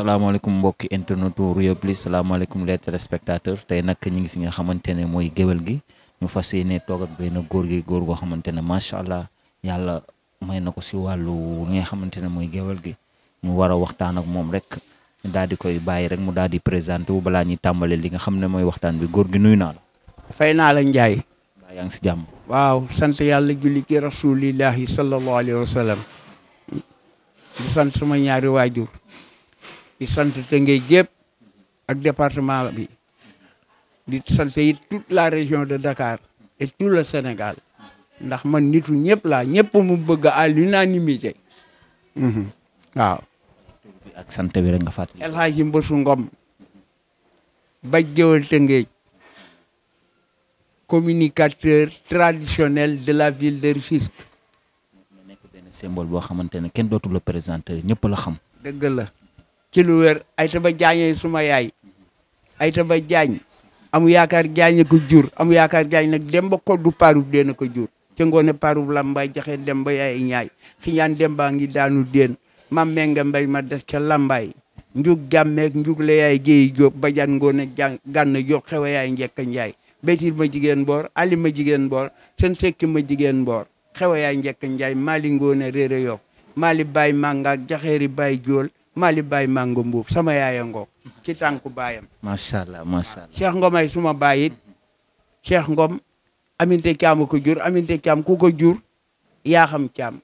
salaamaaleykum mbokki internetu Rio Plus salaamaaleykum les téléspectateurs tey nag ñu ngi fi nga xamante ne mooy géwél gi ñu fas yéene toog ak benn góor gi góor goo xamante ne macha allah yàlla may na ko si wàllu nga xamante ne mooy géwél gi ñu war a waxtaan ak moom rek ñu daal di koy bàyyi rek mu daal di présenté wu balaa ñi tàmbale li nga xam ne mooy waxtaan bi góor gi nuyu naa la. fay naa la Ndiaye. waaw yaa si jàmm. waaw sant yàlla julli ki rasulillahi sallallahu alayhi wa sallam di sant sama ñaari di sant Tëngéej gépp ak département bi di sant it toute la région de Dakar et tout le Sénégal ndax man nitu ñëpp laa ñëpp mu bëgg à l'unanimité mhm. waaw ak sant bi rek nga fàttali El Hadji Mbosu Ngom baj géwal Tëngéej communicateur traditionnel de la ville de Rufisque nekk benn symbole boo xamante ne kenn dootu la présenté ñëpp la xam dëgg la ci lu wér ay jaañe suma yaay ay taba jaañ amu yaakaar jaañ ko jur amu yaakaar jaañ nag dem ba koddu deen ko jur ca ngoone paarub lambay jaxe dem ba yaay ñaay xiñaan dem baa ngi daanu deen mam menga mbay ma des ca lambay njug jàmmeeg njug la yaay géey jóob ba jan ngoone ja gànn jóob xew a yaay njekka njaay béytil ma jigéen boor ali ma jigéen boor seen sekki ma jigéen boor xew jool Mali Baye Mango Mbuub sama yaaya ngoog ci tànku baayam. macha allah macha allah suma baay it Cheikh Ngom aminte caam ko jur ku ko jur yaa xam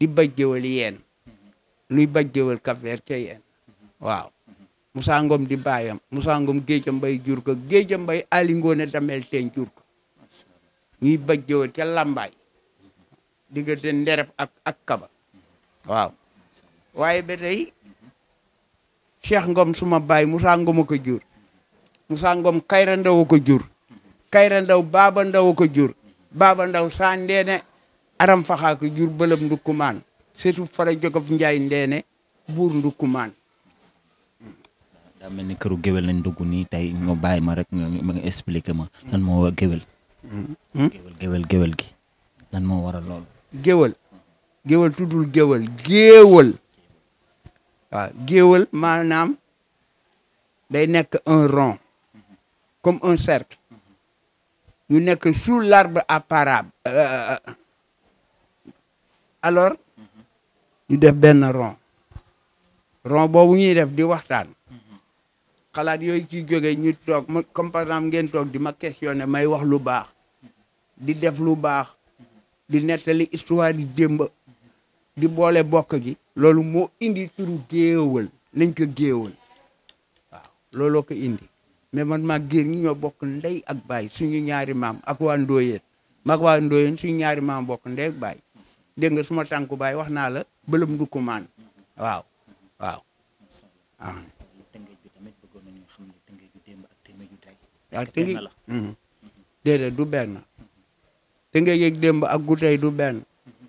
di bajjewal yeen luy bajjewal Cap-Vert ca yeen waaw Moussa Ngom di baayam Moussa Ngom géeja mbay jur ko géeja mbay Ali Ngoone damel teen jur ko ñuy bajjewal ca Lambaay diggante nderef ak ak kaba waaw waaye ba tey Cheikh Ngom suma baay Moussa Ngom a ko jur Moussa Ngom Kayra Ndaw a jur Kayra Ndaw Baaba Ndaw a ko jur Baaba Ndaw saa ndeene aram faxaa ko jur bëlëm ndukkumaan surtout fara jogof njaay ndeene buur ndukkumaan daa mel ni këru géwél lañ dugg nii tey nga bàyyi ma rek nga expliqué ma lan moo war géwél hmm? gi lan moo waral lool géwél géwél tuddul géwél waaw géwël maanaam day nekk un rond comme un cert mhm. ñu nekk sous l'arbre à parable euh, euh, euh. alors mhm. ñu def benn rond rond boobu ñuy def di waxtaan mhm. xalaat yooyu ci jóge ñu toog ma comme par exemple ngeen toog di ma questionné may wax lu baax di def lu baax di nettali histoire yi démb di boole bokk gi loolu mu indi turu géewal lañ ko géewal waaw looloo ko indi mais man maa géer ñi ñoo bokk ndey ak baay suñu ñaari mam ak waa ndooyeen maag waa ndooyeen suñu ñaari maam bokk ndey ak baay dégg nga suma tànku baay wax naa la bëlëm du ko maan waaw waaw ah waaw tëngeej mhm. déedéet du ak démb du benn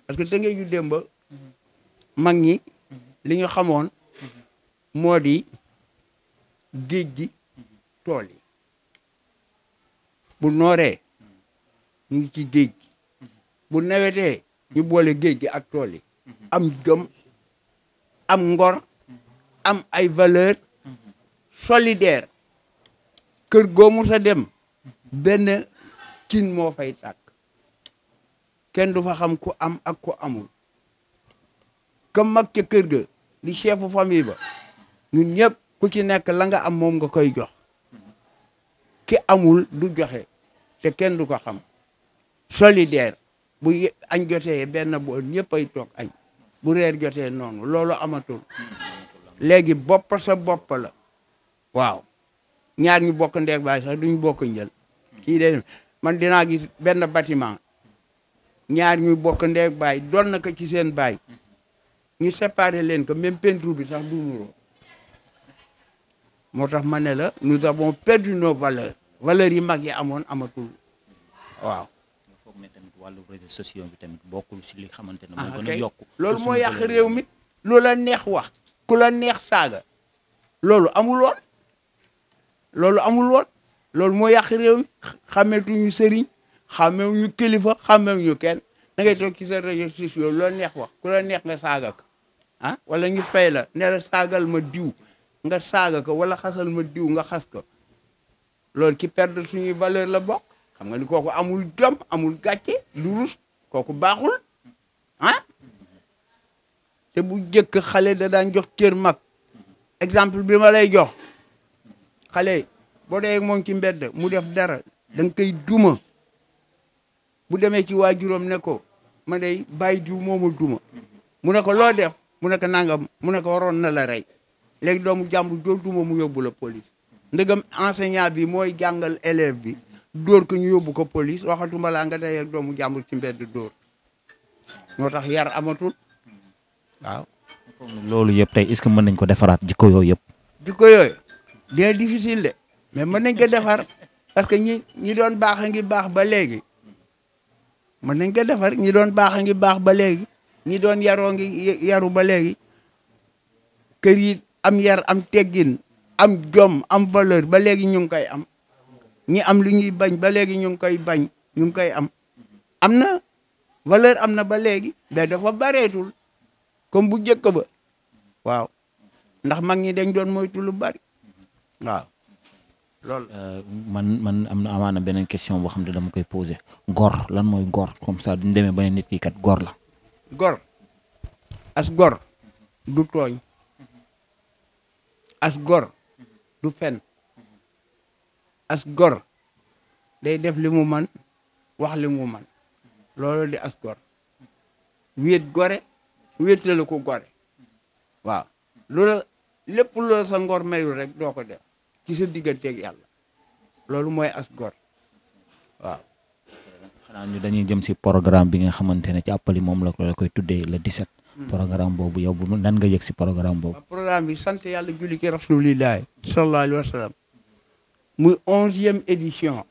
parce que tëngeej yu démb mag ñi li ñu xamoon moo di géej gi tool yi bu nooree ñu ci géej gi bu nawetee ñu boole géej gi ak tool am jom am ngor am ay valeur solidaire kër goomu sa dem benn cin moo fay tàkk kenn du fa xam ku am ak ku amul ka mag ca kër ga li chefu famille ba ñun ñëpp ku ci nekk la nga am moom nga koy jox ki amul du joxe te kenn du ko xam solidaire bu añ jotee benn bool ñëpp ay toog añ bu reer jotee noonu loolu amatul léegi bopp sa bopp la waaw ñaar ñu bokk ndeeg sax duñu bokk njël kii de man dinaa gis benn bâtiment ñaar ñu bokk ndeeg baay doon na ko ci seen baay ñu séparé leen que même peinture bi sax du moo tax ma ne la nous avons perdu nos valeurs valeurs yi mag yi amoon amatul waaw. foog ne tamit wàllu réseaux sociaux bi tamit bokkul si li xamante ne ah, moo gën a yokk loolu moo yàq réew mi lu la neex wax ku la neex saaga loolu amul woon loolu amul woon loolu moo yàq réew mi xametuñu sëriñ xamewuñu kilifa xamewuñu kenn da ngay toog ci sa réseaux sociaux lu la neex wax ku la neex nga saaga ah wala ñu fay la ne la saagal ma diw nga saaga ko wala xasal ma diw nga xas ko loolu ki perdre suñuy valeur la bokk xam nga ni kooku amul jom amul gàcce du rus kooku baaxul ah te bu jëkk xale da daan jox cër mag exemple bi ma lay jox xale boo dee moom ci mbedd mu def dara da nga koy duma bu demee ci waajuram ne ko ma day bàyyi diw mooma duma mu ne ko loo def mu nekk ko mu nekk waroon na la rey léegi doomu jàmbur dóor duma mu yóbbu la police ndëgam enseignant bi mooy jàngal élève bi dóor ko ñu yóbbu ko police waxatuma laa nga day ak doomu jàmbur ci mbedd dóor moo tax yar amatul waaw loolu yëpp tey est-ce que mën nañ ko defaraat jikko yooyu yëpp jikko yooyu bien difficile de mais mën nañ ko defar parce que ñi ñi doon baax a ngi baax ba léegi mën nañ ko defar ñi doon baax a ngi baax ba léegi ñi doon yaroo ngi yaru ba léegi kër yi am yar am teggin am jom am valeur ba léegi ñu ngi koy am ñi am lu ñuy bañ ba léegi ñu ngi koy bañ ñu ngi koy am am na valeur am na ba léegi mais dafa bareetul comme bu njëkk ba waaw ndax mag ñi dañ doon moytu lu bari waaw loolu euh, man man am na amaana beneen question boo xam ne dama koy posé gor lan mooy gor comme ça duñ demee ba ne nit ki kat gor la gor as gor du tooñ as gor du fen as gor day def li mu man wax li mu man loolu di as gor wéet gore wéetale ko gore waaw loola lépp loola sa ngor mayul rek doo ko def ci sa digganteeg yàlla loolu mooy as gor waaw xanaa ñu dañuy jëm si programme bi nga xamante ne ci àppali moom la ko la koy tuddee le 17. Hmm. programme boobu yow bu nan nga yëg si programme boobu. Ah, programme bi sant yàlla julli ki rasulillahi sallallahu alayhi wa sallam muy onzième édition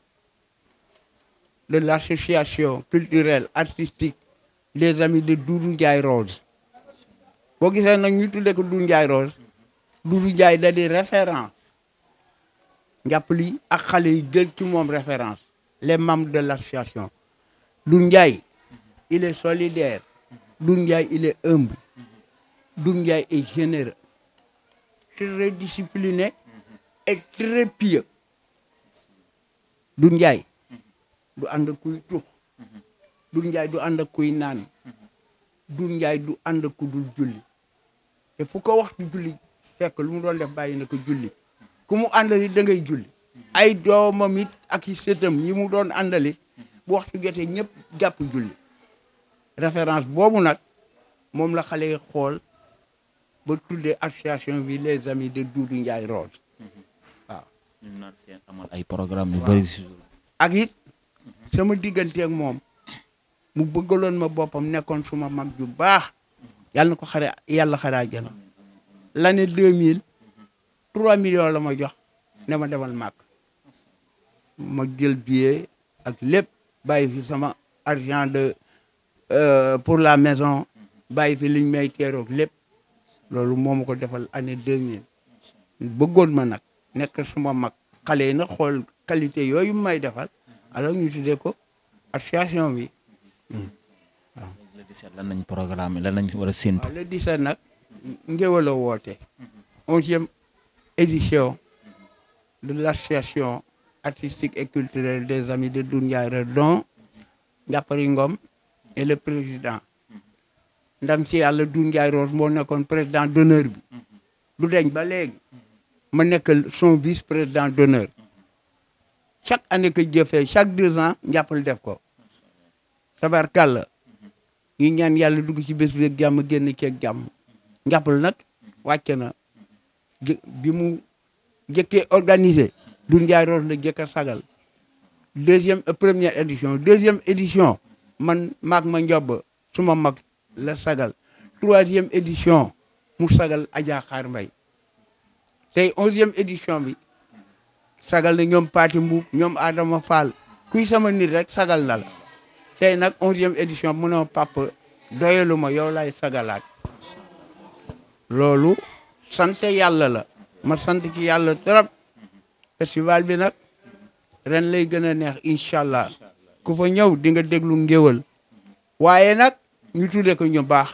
de l' association culturelle artistique les amis de Doudou jaay Rose. boo gisee nag ñu tuddee ko Doudou Ndiaye Rose Doudou Ndiaye da di référence njàpp li ak xale yi jël ci moom référence les membres de l' association. Doudou Ndiaye il est solidaire Doudou Ndiaye il est humble Doudou Ndiaye est généreux très discipliné et très pieux du ànd kuy tux Doudou Ndiaye du ànd kuy naan Doudou Ndiaye du ànd ku dul julli te fu ko julli fekk lu mu doon def bàyyi na ko julli kumu mu àndali da ngay ay doomam ak i yi mu doon àndali bu waxtu jotee ñëpp jàpp julli référence boobu nag moom la xale yi xool ba tuddee association bi les amis de Doudou Ndiaye Rose waaw. ñu naan ay programme yu bëri si ak it mhm. sama digganteeg moom mu bëggaloon ma boppam nekkoon suma mag ju baax mhm. yàlla na ko xare yàlla xaraa jëna l'année deux mille mhm. trois million la ma jox ne ma demal màkk ma jël billet ak lépp bàyyi fi sama argent de euh, pour la maison bàyyi fi liñ may teeroog lépp loolu moo ma ko defal année 2000 bëggoon ma nag nekk suma mag xale yi xool qualité yooyu may defal alors ñu tuddee ko association bi mm-hmm. waaw. le 17 lan lañ programme lan lañ war a séntu. di 17 nag ngéwal a woote. onzième édition de l' association. artistique e culturelle des Amis de Doundiaye dont Ndiapari Ngom est le président ndam ci yàlla Doundiaye Rose moo nekkoon président d'honneur bi du deñ ba léegi ma nekk son vice président d'honneur chaque année que jëfee chaque deux ans njàppal def ko tabarkàlla ñu ñaan yàlla dugg ci bés bi ak jàmm génn ci ak jàmm njàppal nag wàcc na bi mu jëkkee organisé Doudou Ndiaye Rose la jëkk a sagal deuxième première édition deuxième édition man maag ma njob suma mag la sagal troisième édition mu sagal Adja Xaar Mbay tey onzième édition bi sagal na ñoom Pati Mbuub ñoom Adama Fall kuy sama nit rek sagal na tey nag onzième édition mu ne papa doyalu ma yow lay sagalaat loolu sant yàlla la ma sant ci yàlla trop festival bi nag ren lay gën a neex incha allah ku fa ñëw di nga déglu ngéwal waaye nag ñu tuddee ko ñu baax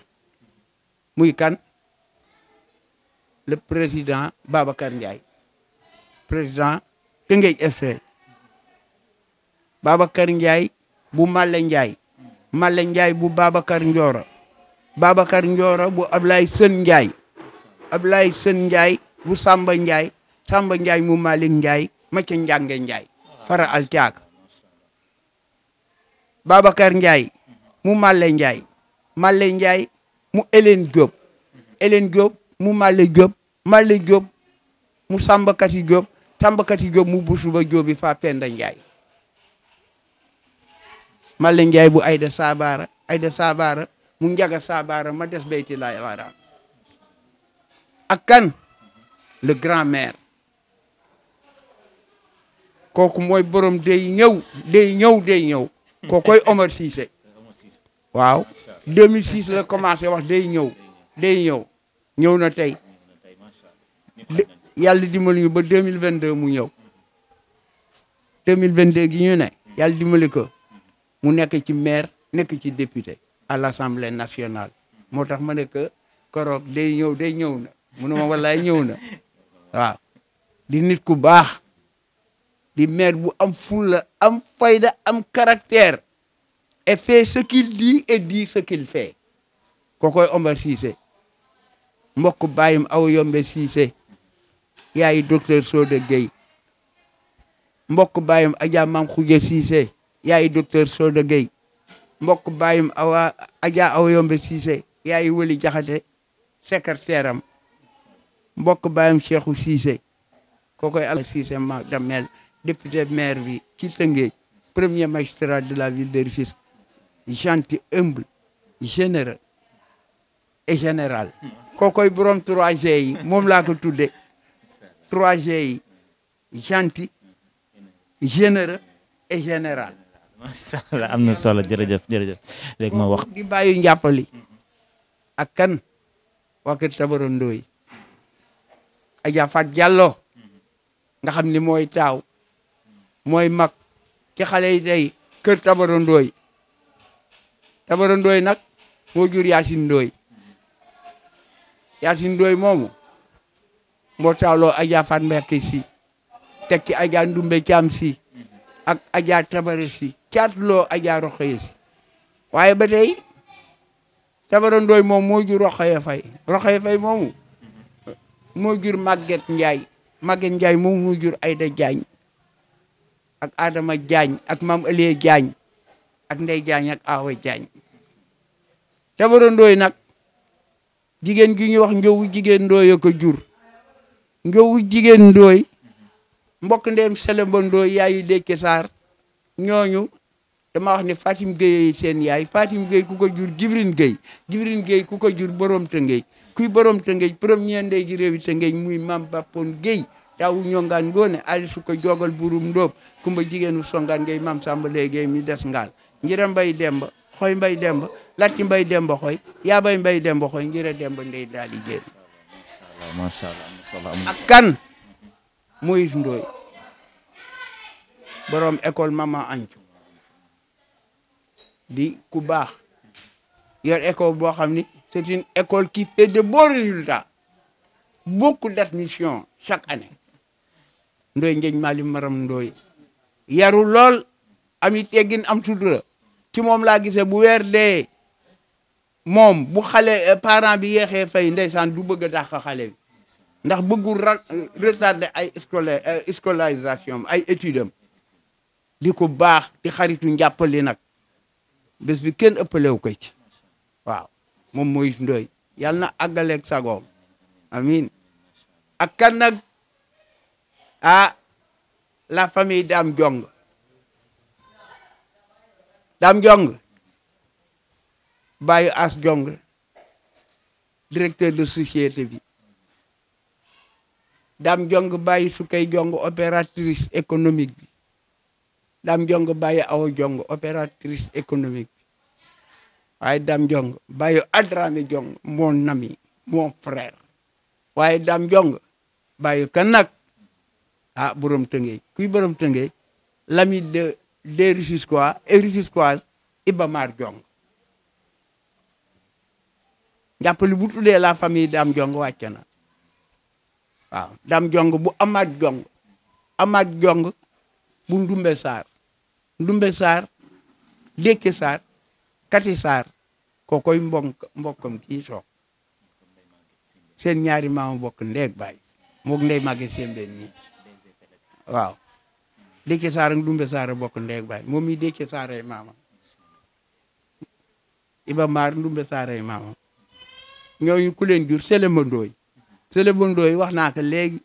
muy kan le président Babacar njaay président Tëngéej FC Babacar njaay bu Malle Ndiaye Malle Ndiaye bu Babacar Ndioro Babacar Ndioro bu ablay Sën Ndiaye Ablaye Sën Ndiaye bu Samba Ndiaye Samba Ndiaye mu Malick Ndiaye ma ca Njànge Ndiaye fara al caag Babacar Ndiaye mu Malle Ndiaye Malle Ndiaye mu Hélène Diop Hélène Diop mu Malle Diop Malle Diop mu Samba Kati Diop Samba Kati Diop mu Busuba Diop bi fa Penda Ndiaye Malle Ndiaye bu Ayda Sabara Ayda Sabara mu Njaga Sabara ma des bayti lay ak kan le grand maire kooku mooy borom day ñëw day ñëw day ñëw kookoy Omar Cissé waaw 2006 la commencé wax day ñëw day ñëw ñëw na tey yàlla dimbali ñu ba 2022 mu ñëw 2022 gi ñu ne yàlla dimbali ko mu nekk ci maire nekk ci député à l'Assemblée nationale moo tax ma ne que day ñëw day ñëw na mu ne ma wallaay ñëw na waaw di nit ku baax di maire bu am fulla am fayda am caractère et fait ce qu'il dit et kokoy Omar Cissé mbokk bàyyim aw yombe Cissé yaay docteur Soda Gueye mbokk bàyyim Adja Mam Khoudia Cissé yaay docteur Soda Gueye mbokk bàyyim awa Adja aw yombe Cissé yaay wëli jaxate secrétaire am mbokk bàyyim Cheikhou Cissé kokoy Ala Cissé ma damel député maire bi ci Tëngéej premier magistrat de la ville de Rufisque gentil humble généreux et général kookoy borom 3 yi moom laa ko tudde 3G yi gentil généreux et général am na solo jërëjëf jërëjëf léegi ma wax di bàyyi njàppali ak kan waa kër Tabara Ndoye nga xam ni mooy mooy mag ci xale yi tey kër Tabara Ndooy Tabara Ndooy nag moo jur moomu moo taaloo Adja Fat si teg ci Adja Ndumbe Caam si ak Tabara si caatloo Adja Roxoye si waaye ba tey Tabara Ndooy moom moo jur Fay Roxoye Fay moomu moo jur Maguette Ndiaye Maguette Ndiaye moom moo jur Ayda Diagne ak Adama jaañ ak mam Alieu jaañ ak Ndeye Diagne ak Awa Diagne Tabara Ndoye nag jigéen gi ñuy wax njowu jigéen Ndoye ko jur njowu jigéen Ndoye mbokk ndeem Selemba Ndoye yaayu Dékke Sarr ñooñu dama wax ne Fatim Gueye seen yaay Fatim Gueye ku ko jur Jibrin Gueye Jibrin Gueye ku ko jur borom Tëngéej kuy borom Tëngéej premier ndey ji réewi Tëngéej muy Mame Bapone Gueye tawu ñongaan ngoone ali su ko jogal burum ndóob kumba jigéenu songaan ngay mam samba léegi mi des ngaal mbay demba xoy mbay demba latti mbay demba xoy yaa bay mbay demba xoy njira demba ndey daal di jéem macha allah borom école mama ancu di ku baax yor école boo xam ni c'est une école qui fait de bons résultats beaucoup d'admissions chaque année ndoy njeñ maalim maram ndoy yaru lool am it teggin am sutura ci moom laa gisee bu weer dee moom bu xale eh, parent bi yeexee fay ndeysaan du bëgg a xale bi ndax bëggul ra ay scolaire eh, scolarisation ay étude am di ko baax di xaritu njàppali nag bés bi kenn ëppalewu ko ci waaw moom mooy ndoy yàlla na àggaleeg sagoom amin ak kan la famille dam Diong dam jong bàyyi As Diong directeur de société bi dam Diong bàyyi Sukay Diong opératrice économique bi Dame Diong bàyyi aw jong opératrice économique bi waaye Dame Diong bàyyi Adrame Diong mon ami mon frère waaye Dame Diong bàyyi kan ah borom tëngéej kuy borom tëngéej l'ami de des Rufisquois et Rufisquoises Iba Mar Diong jàppale bu la famille Dame Diong wàcc na dam Dame Diong bu Amath Diong Amath Diong bu Ndumbe Sarr Ndumbe Sarr Dékke Sarr Kati Sarr kookoy mbonk mbokkam kii seen ñaari maam bokk ndeeg baay moog ndey màgge ñi waaw Déthié Sarr ak Dumbe Sarr bokk ndey ak baay moom mii Déthié Sarr ay maamam Iba Maar Dumbe Sarr ay maamam ñooñu ku leen jur Sele Mandooy Sele Mandooy wax naa ko léegi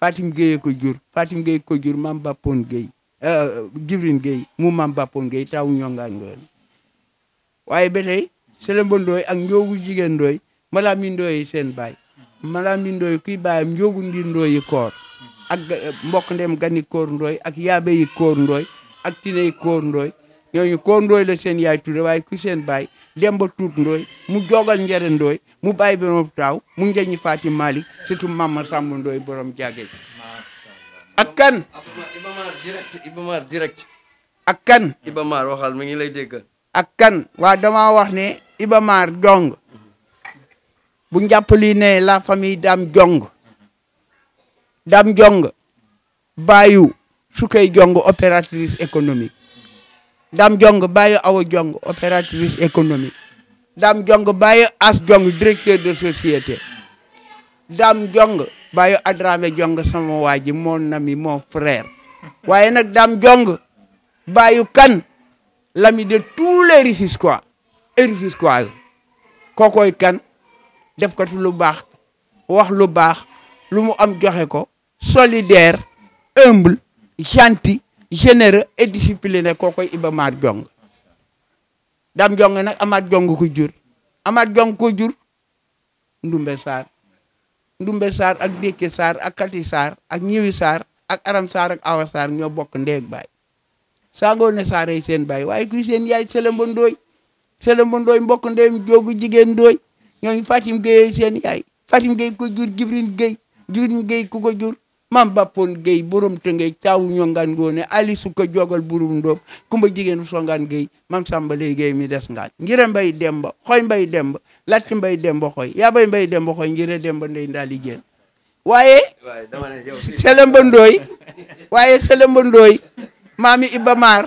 Fatim Gueye ko jur Fatim Gueye ko jur maam Bapone Gueye euh, Jibril Gueye mu maam Bapone Gueye taw ñongaan doon waaye ba tey Sele Mandooy ak njoogu jigéen ndooy Malami Ndooy seen baay Malami Ndooy kuy baayam njoogu ndir ndooyi koor ak eh, mbokk ndem gani koor ndooy ak yaabe yi koor ndooy ak tine yi koor ndooy ñooñu koor ndooy la seen yaay tudde waaye ku seen baay demba tuut ndooy mu jogal njere ndooy mu bàyyi benn taaw mu njeñi faati malik surtout mama sàmb ndooy borom jagge ak kan ibamar direct ibamar direct mi ngi lay dégg ak waa dama wax ne ibamar jong bu njàppali ne la famille dam jong Dame jong baayu Sukay jong opératrice économique Dame jong baayu Awa jong opératrice économique Dame jong baayu As jong directeur de société Dame Diong baayu Adrame Diong sama waa ji mon ami mon frère waaye nag dam jong baayu kan l'ami de tous les Rufisquois et Rufisquoises kookoy kan def ko lu baax wax lu baax lu mu am joxe ko solidaire humble gentil généreux et discipliné kookoy Iba Mar Diong Dame Diong nag Amath Diong ko jur Amath Diong Ndumbe Sarr Ndumbe Sarr ak Dékke Sarr ak Kati Sarr ak Ñiwi Sarr ak Aram Sarr ak Awa Sarr ñoo bokk ndeeg baay saagoo ne Sarr seen baay waaye kuy seen yaay Selemba Ndooy Selemba Ndooy mbokk ndeem joogu jigéen Ndooy ñooñu Fatim Gueye seen yaay Fatim Gueye ko jur Jibril Gueye Jibril Gueye ku ko jur maam bappoon géy borom tëngéej taawu ñongaan ngoone ali sukka jogal burum ndóob kumba jigéen songaan géy maam sàmba lay géy mi des ngaat ngire mbay demba xoy mbay demba latti mbay demba xoy yaa bay mbay demba xoy ngire demba ndey ndaali jéen waaye selamba ndooy waaye selamba ndooy maami ibba maar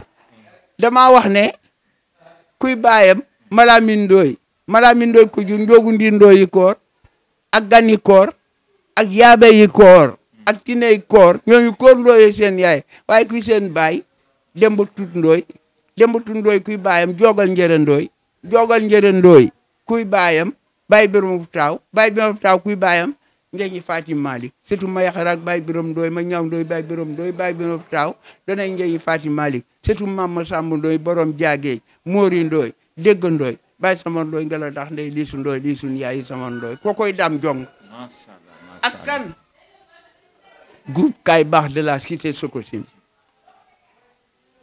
kuy baayam malaamin ndooy malaamin ndooy ku jur njoogu ndi ak gan koor ak yaabe yi ak ki ney koor ñooñu koor ndooyee seen yaay waaye kuy seen baay demba tut ndooy demba tut ndooy kuy baayam jogal njëre ndooy jogal njëre ndooy kuy baayam baay biram fu taaw baay biram fu taaw kuy baayam ngeñi fatim malik surtout ma yaxara ak baay ndooy ma ñaaw ndooy baay biram ndooy baay biram fu taaw danay ngeñi fatim malik surtout mam ma sàmb ndooy borom jaageej móori ndooy dégg ndooy bàyyi sama ndooy ngela ndax ndey lii su ndooy lii suñ yaayi sama ndooy koo koy daam jong groupe kaay baax de la cité Sococim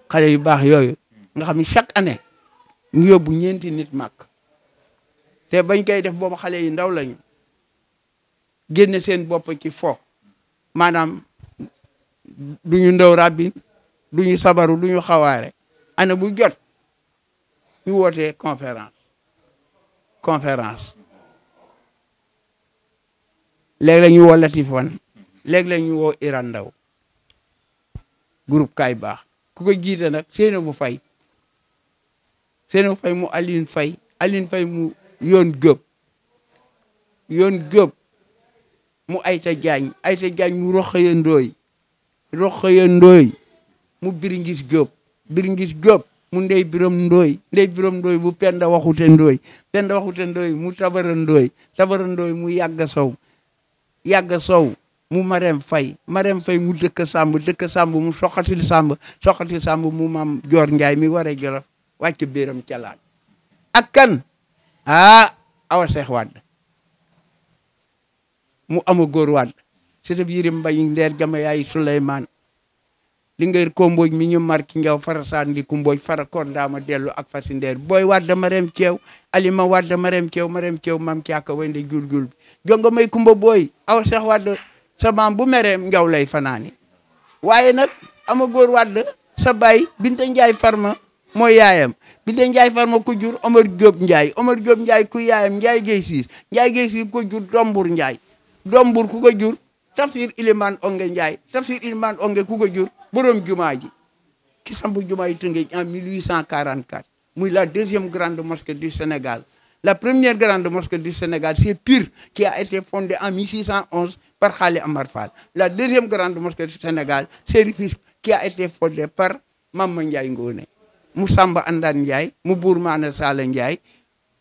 xale yu baax yooyu nga xam ne chaque année ñu yóbbu ñeenti nit màkk te bañ koy def boobu xale yu ndaw lañu génne seen bopp ki fo maanaam du ñu ndaw rabbin du ñu sabaru du ñu xawaare ana bu jot ñu wootee conférence conférence léeg-léeg ñu woo Latifone léeg-léeg ñu woo Iran Ndaw groupe baax ku ko jiite nag seena bu fay seena bu fay mu Aline Fay Aline Fay mu yoon gëb yoon gëb mu Ayta Jaañ Ayta Jaañ mu Roxaya Ndooy Roxaya Ndooy mu Biringis gëb Biringis gëb mu ndey biram ndooy ndey birom ndooy bu penda waxute ndooy penda waxute ndooy mu tabara ndooy tabara ndooy mu yàgga sow yàgga sow mu Marème Faye Marème Faye mu dëkk Samb dëkk Samb mu soxatil Samb soxatil Samb mu maam Joor Njaay mi war a Jolof wàcc biiram calaan kan ah awa seex mu ama góor wadd sëtëb Yirim Mbay ndeer jama yaay Souleymane li ngay ko mbooj mi ñu marki ngew fara di ku fara koor ndaama dellu ak fasi ndeer booy wadd Marème Ceew alima wadd Marème Ceew Marème Ceew mam caaka way nde jongo may kumba booy awa seex sa maam bu mereem ngaw lay fanaani waaye nag ama góor wàdd sa baay Binta Njaay Farma mooy yaayam Binta Njaay Farma ku jur Omar Jóob Njaay Omar Jóob Njaay ku yaayam Njaay Géy Siis Njaay Géy Siis ko jur Dombur Njaay Dombur ku ko jur Tafsir Iliman Onge Njaay Tafsir Iliman Onge ku ko jur borom jumaa ji ki samp jumaa yi Tëngéej en 1844 muy la deuxième grande mosquée du Sénégal la première grande mosquée du Sénégal c'est Pire qui a été par Khali Amar Fall. La deuxième grande mosquée du Sénégal, c'est Rufisque, qui a été fondée par Maman Ndiaye Ngone. mu Samba Andan Ndiaye mu Buur Maana Sala Ndiaye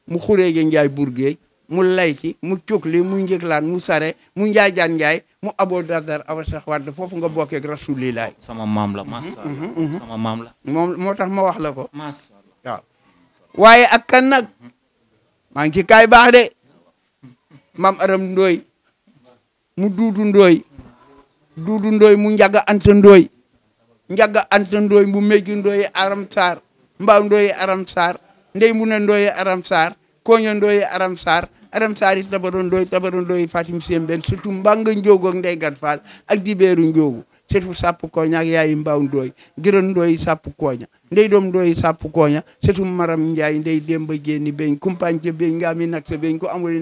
mu Xureege Ndiaye Bourgueil mu Layti mu Cukli mu Njëklaan mu Sare mu Njaajaan Ndiaye mu Abo Dardar Awa Cheikh Wade foofu nga bokkee ak Rasulillah. Oh, sama maam la macha mhm, mhm, mhm. tax ma wax la ko. macha allah waaw. waaye ak kan nag de maam Aram Ndoye mu duudu ndooy duudu ndooy mu njaga anta ndooy njaga anta ndooy mu meju ndooy aram saar mbaaw ndooy aram saar ndey mu ne ndooy aram saar koña ndooy aram saar aram saar yi tabaro ndooy mbanga njoogu ak ndey gat faal setu sappo koña ak yaayi mbaw ndooy giran ndooyi sappo koña ndey ɗom ndooyi sappo koña setum maram ndiaye ndey demba jeeni beñ compagne beñ nga ami nak sa beñ ko amuli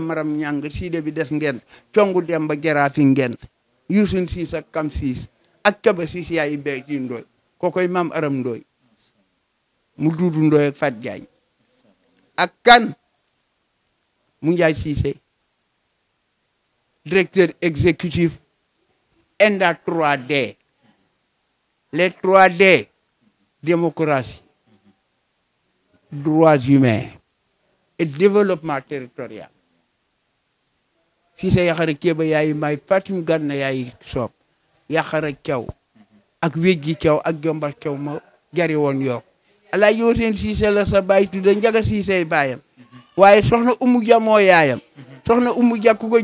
maram ñang siide bi des ngeen congu demba geraati ngent yusun siis ak kam siis ak caba siis yaayi bee ci ndooy kokoy maam aram ndooy mu duudu ndooy fat jaañ ak kan mu njaay siise directeur exécutif ENDA 3D. Les 3D, démocratie, droits humains et développement territorial. si sa yaxara kéba yaay may fatim ganna yaay soob yaxara caw ak wéjji caw ak jombar kew ma jari woon yokk ala yoo seen la sa baay tudda njaga siisey baayam mm-hmm. waaye soxna umu ja moo yaayam mm-hmm. soxna umu ja ku ko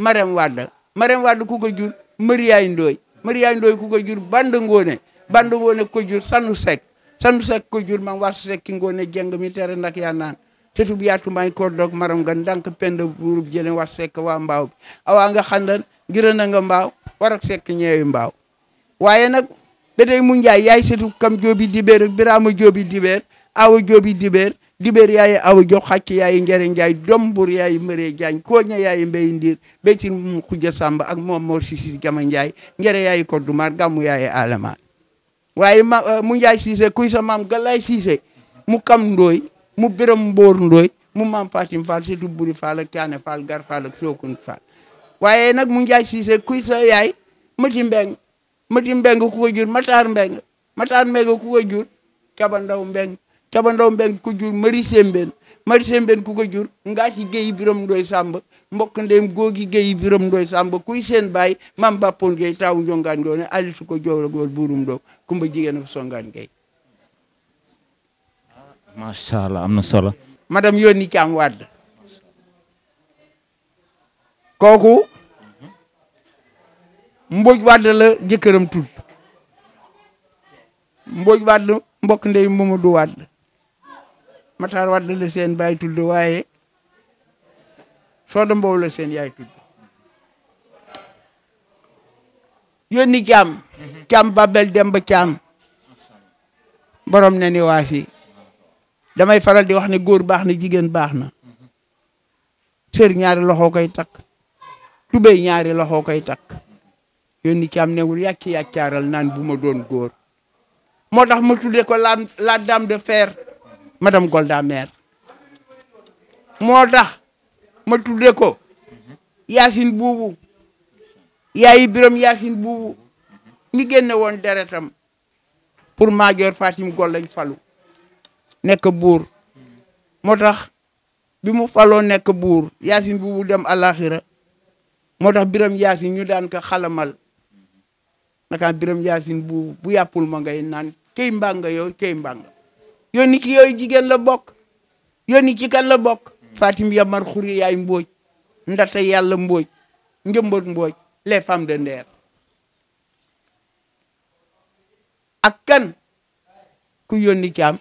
Marème Wade Marème Wade ku ko jur Mariyaay Ndooy Mariyaay Ndooy ku ko jur Banda Ngoone Banda Ngoone ko jur Sanu Seck Sanu Seck ko jur Mam Warsu Seck ki Ngoone jeng mi tere ndak yaa naan tetub yaatu may ko dog maram nga ndank pend buurub jële Warsu Seck waa mbaaw bi awaa nga xandan ngirën a nga mbaaw warak Seck ñeewi mbaaw waaye nag ba mu njaay yaay setub kam joobi dibeer ak Birama joobi dibeer Awa joobi dibeer dibéer yaayi awa jox yaayi njare njaay dombur yaayi mëree jaañ kooña yaayi mbéy mu xujja sàmba ak moom mor sisi jama njaay njare yaayi koddumaar gàmmu yaayi alama waaye euh, mu njaay siise kuy sa maam galaay mu kam ndooy mu biram mboor ndooy mu maam fatim fall setu buri fall ak caane gar fall ak sookun waaye nag mu njaay siise kuy sa yaay mati mbeng mati mbeng ku ko jur mataar mbeng mataar mbeng ku ko jur caba ndaw mbeng cabandaw mbeng ku jur mari sembeen mari sembeen ku ko jur ngaa ci géyi biram ndoy sàmba mbokk ndeem googi géyi biram ndoy sàmba kuy seen baay mam bàppoon gay taawu njongaan doone ali kumba jigéen ak songaan allah am na solo madame yónni caam wàdd kooku mbóoj wàdd la jëkkëram tudd mbóoj wàdd mbokk ndey Mamadou wàdd Matar Wade la seen baay tudd waaye Soda Mbow la seen yaay tudd yónni caam caam mhm. Babel Demba caam borom ne ni waa damay faral di wax ne góor baax na jigéen baax na mhm. sër ñaari loxo koy takk tubéy ñaari loxo koy takk yónni caam newul yàcc yàccaaral naan bu ma doon góor moo tax ma tudde ko la la dame de madame Golda maire moo tax ma tudde ko Yacine Boubou yaayi Biram Yacine Boubou ñi génne woon deretam pour Madior Fatim Gol lañ falu nekk buur moo tax bi mu faloo nekk buur Yacine Boubou dem àllaaxira moo tax Biram Yacine ñu daan ko xalamal naka Biram Yacine Boubou bu yàppul ma ngay naan cey mbanga yow cey mbanga yónni ci yooyu jigéen la bokk yónni ci kan la bokk fatim yamar xuri yaay mbooj ndata yàlla mbooj njëmbët mbooj les femmes de Nder ak kan ku yónni ci am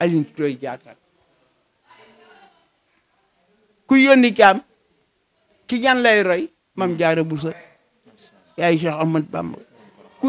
Aline Toye Diatta ku ki ñan lay roy mam jaara busa yaay Cheikh Ahmad Bamba ku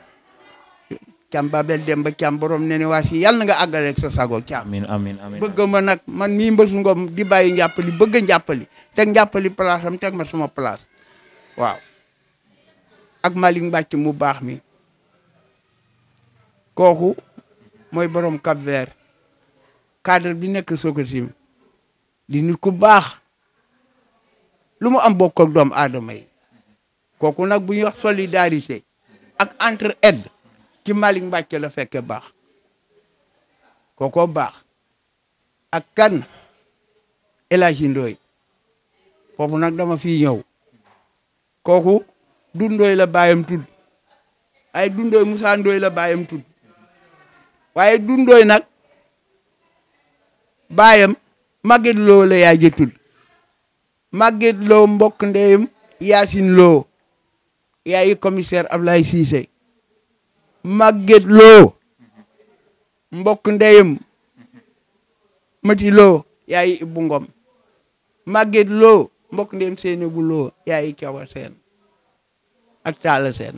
cam babel dem ba cam borom ne ne waa si yàlla na nga àggaleeg sa sago cam amiin bëgg ma nag man mii mbësu ngom di bàyyi njàppali bëgg a njàppali teg njàppali place am teg ma sama place waaw ak Malick Mbàcc mu baax mi kooku mooy borom Cap Vert cadre bi nekk Sococim di nit ku baax lu mu am bokk doom doomu aadama kooku nag bu ñuy wax solidarité ak entraide ci Malick Mbàcke la fekke baax kooko baax ak kan El Hadji foofu nag dama fi ñëw kooku dundooy la baayam tudd ay dundooy Moussa la baayam tudd waaye dundooy nag baayam Maguette Lo la yaay ji tudd Maguette Lo mbokk ndeyam Yacine Lo yaayi commissaire Ablaye Cissé Maguette Lo mbokk ndeyam Mati Lo yaay Ibou Ngom Maguette Lo mbokk ndeyam Seyni bu Lo yaay Cawa Seen ak Talla Seen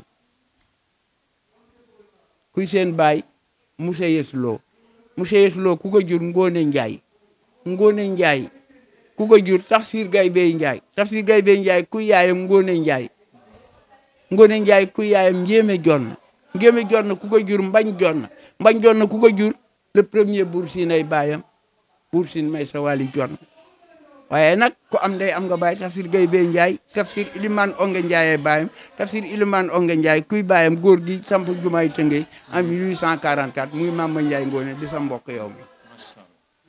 kuy seen baay Moussa Yes Lo Moussa Yes Lo ku ko jur Ngone Ndiaye Ngone njaay ku ko jur Tafsir Gaye Bey Ndiaye Tafsir Gaye Bey Ndiaye ku yaayam Ngone Ndiaye Ngone Ndiaye ku yaayam Njéeme Jonn ngémi jot na ku ko mbañ jot mbañ joon na ku ko jur le premier Buur Siin ay baayam Buur may sa wàlli jot na nag ku am ndey am nga baay tafsir gay bee njaay tafsir iliman onge njaay ay baayam tafsir iliman onge njaay kuy baayam góor gi samp jumaay tëngey en 1844 muy Mamba Njaay Ngoone di sa mbokk yow mi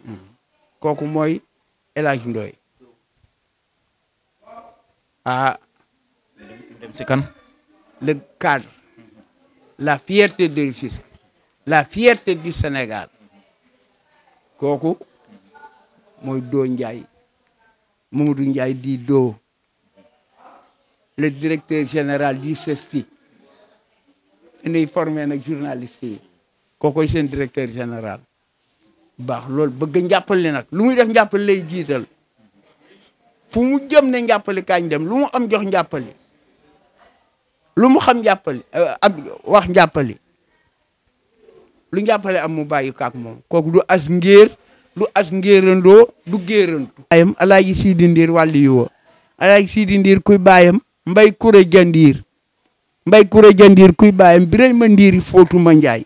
hmm. kooku mooy El Hadj ah. si kan le cadre la fierté de la fierté du Sénégal kooku mooy doo Ndiaye Mamadou Ndiaye di doo le directeur général di CESTI inay formé nag journaliste yi kookoy seen directeur général baax loolu bëgg njàppale nag lu muy def njàppale lay jiital fu mu jëm ne njàppale kañ dem lu mu am jox njàppale lu mu xam jàppale euh, am wax lu jàppale am mu bàyyi kaak moom kooku du as ngéer du as ngéerandoo du géerantu ayam alaaji siidi ndiir yuwa alaaji siidi kuy baayam mbay kuré jandiir mbay kuré jandiir kuy baayam biray ma ndiiri fóotuma njaay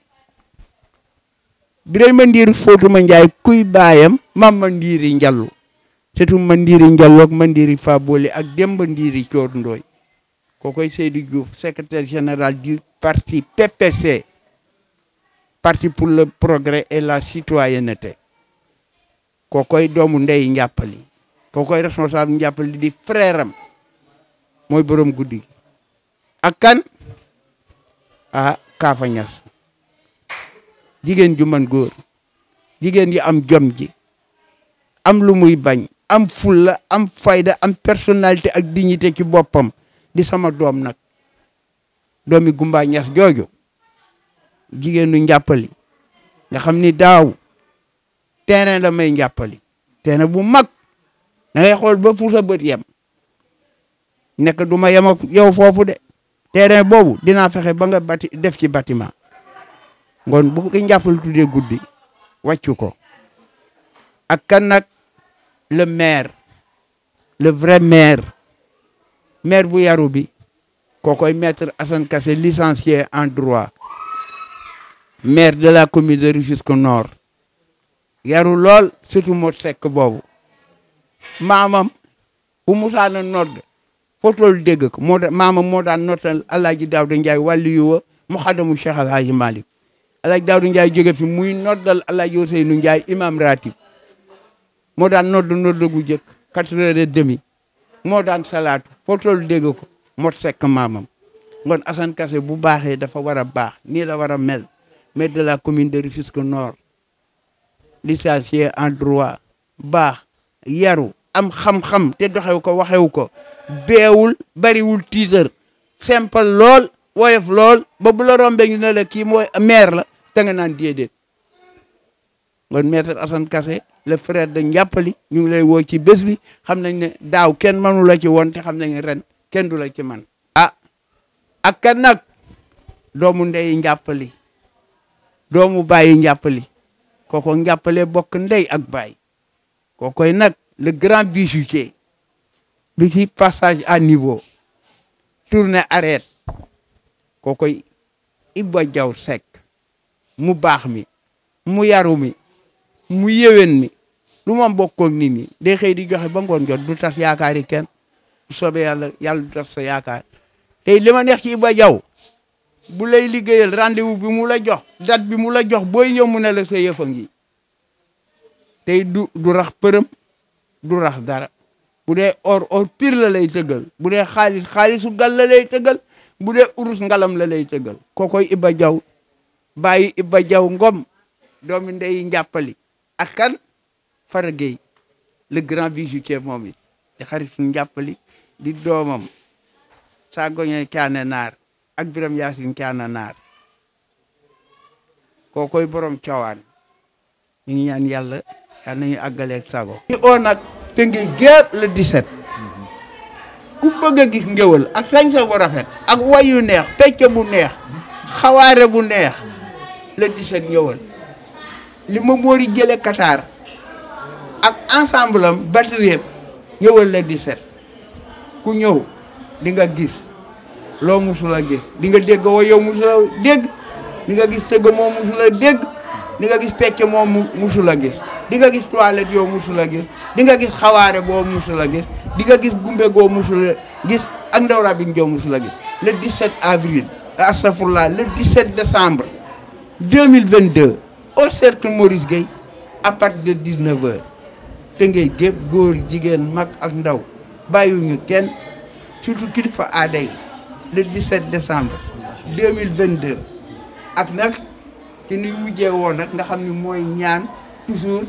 biray ma ndiiri fóotuma kuy baayam mam ma ndiiri njallu surtout ma ndiiri njallu ak ma ndiiri fabooli ak demba ndiiri coor ndooy kookoy Seydou Diouf secretaire général du parti PPC parti pour le progrès et la citoyenneté kookoy doomu ndey njàppali kookoy responsable njàppali di frère am mooy borom guddi ak kan ah Kaafa Ñas jigéen ju mën góor jigéen yi am jom ji am lu muy bañ am fulla am fayda am personnalité ak dignité ci boppam di sama doom nag doomi Gumba Ñas jooju jigéenu njàppali nga xam ni daaw terrain la may njàppali terrain bu mag da ngay xool ba fu sa bët yem nekk du ma yem ak yow foofu de terrain boobu dinaa fexe ba nga bati def ci bâtiment ngoon bu ko njàppal tuddee guddi wàccu ko ak kan nag le maire le vrai maire bu yaru bi kookoy maître Assane Kassé licencié en droit maire de la commune de Rufisque Nord yaru lool surtout moo sekk boobu maamam bu musaana nodd fotol dégg ko moo maamam moo daan nottal Alaaji Daawda Njaay wàllu yuwa mu xadamu Cheikh Alaaji Malick Alaaji Daawda Njaay jóge fi muy noddal Alaaji Ousseynou Njaay imam ratib moo daan nodd nodd gu jëkk quatre heures moo daan salaatu foo toll dégg ko mot sek maamam kon Assane Kassé bu baaxee dafa war a baax nii la war a mel maire de la commune de Rufisque Nord licencié en droit baax yaru am xam-xam te doxew ko waxew ko beewul bariwul tiitër simple lool woyof lool ba bu la rombe ñu ne la kii mooy maire la te nga naan déedéet kon maître Assane Kassé le frère de Ndiappali ñu ngi lay woo ci bés bi xam nañ ne daaw kenn mënu la ci woon te xam nañ ne ren kenn du la ci man ah ak kan nag doomu ndey Ndiappali doomu bàyyi Ndiappali ko Ndiappale bokk ndey ak baay kookoy nag le grand bijoutier bi ci passage à niveau turne tourné arrête kookoy Iba Diaw sek mu baax mi mu yaru mi mu yéwén mi lu moom bokkoog nit mi day xëy di joxe ba ngoon jot du tas yaakaar yi kenn soobe soobee yàlla yàlla du tas sa yaakaar tey li ma ci Iba Diaw bu lay liggéeyal rendez-vous bi mu la jox date bi mu la jox booy ñëw mu ne la sa yëfa ngi tey du du rax përëm du rax dara bu dee or or pire la lay tëggal bu dee xaalis xaalisu gal la lay bu dee urus ngalam la lay tëggal kookoy Iba Diaw bàyyi Iba jaw ngom doomi ndeyi njàppali ak Fara Gueye le grand bijoutier moom it di xarit suñu njàppali di doomam saa goñe caane naar ak biram yaasin caane naar kokoy borom coowaan ñu ngi ñaan yàlla yal nañu àggaleeg sago ñu oo nag te ngi gépp le 17 ku bëgg a gis ngéwal ak sañsa bu rafet ak wayu neex pecc bu neex xawaare bu neex le 17 ngéwal li ma moori jële Qatar ak ensemble am batterie ñëwal la ku ñëw di nga gis loo musula gis di nga dégg wa yow musula dégg di nga gis tëgg moo musula dégg di nga gis pecc moo musula gis di nga gis toilette yow musula gis di nga gis xawaare boo musula gis di nga gis gumbe goo musula gis ak ndaw rabin joo musula gis le 17 avril astafurlah le 17 décembre 2022 au cercle Maurice Gueye à partir de 19 heures Tëngéej gépp góor jigéen mag ak ndaw bàyyiwuñu kenn surtout kilifa aada yi le 17 décembre 2022 ak nag ci ni mujjee woon nag nga xam ni mooy ñaan toujours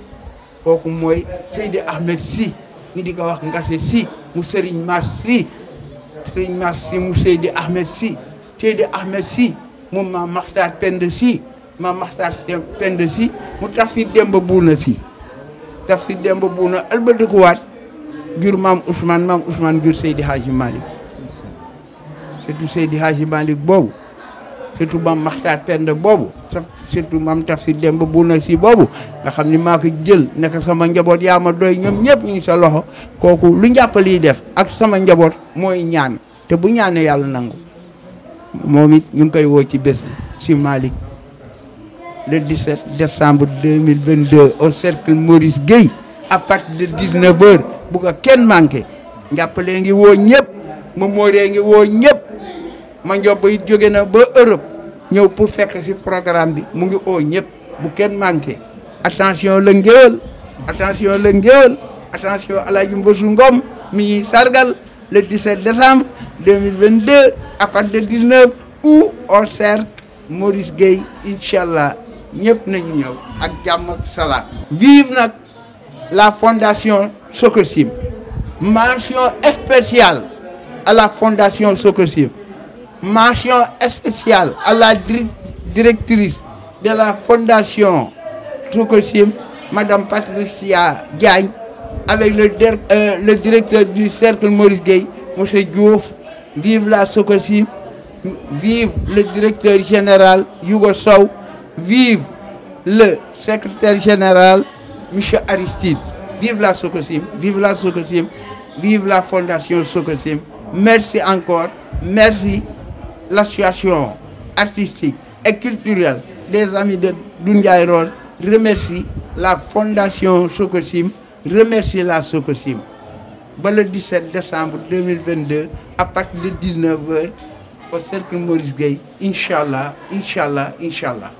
kooku mooy Seydi Ahmed Sy ñu di ko wax Ngase si mu Serigne Mas Sy Serigne Mas Sy mu Seydi Ahmed Sy Seydi Ahmed Sy moom ma Maxtaar Pend Sy ma Maxtaar Pend Sy mu taf si Demba Buuna Sy taf si demba buuna albadikuwaat jur maam Ousmane maam Ousmane jur Seydi Hadji Malick surtout Seydi Hadji Malick boobu surtout maam Maxtaar Penda boobu surtout maam taf si demba buuna si boobu nga xam ni maa ko jël naka sama njaboot yaa ma doy ñoom ñëpp ñu ngi sa loxo kooku lu njàppaliy def ak sama njaboot mooy ñaan te bu ñaanee yàlla nangu moom it ñu ngi koy woo ci bés bi si Malick le 17 décembre 2022 au cercle Maurice Guèye à partir de 19h bu ko kenn manqué njàppalee ngi woo ñëpp Mamoré ngi woo ñëpp ma Ndiobba it jóge na ba Europe ñëw pour fekk si programme bi mu ngi oo ñëpp bu kenn manqué attention la ngéwél attention la ngéwél attention Alaaji Mbasu Ngom mi ñuy sargal le 17 décembre 2022 à partir de 19 ou au cercle Maurice Guèye incha allah ñëpp nañu ñëw ak jàmm ak salaam. vive nag la fondation Sococim mention spéciale à la fondation Sococim mention spéciale à la directrice de la fondation Sococim madame Patricia Diagne avec le euh, le directeur du cercle Maurice Gueye monsieur Diouf vive la Sococim vive le directeur général Yougo Sow Vive le secrétaire général, M. Aristide. Vive la Socosim, vive la Socosim, vive la Fondation Socosim. Merci encore, merci l'association artistique et culturelle des amis de Dundiaï Rose. la Fondation Socosim, remercie la Socosim. ba le 17 décembre 2022 à partir de 19h au cercle Maurice Gueye incha allah incha allah incha allah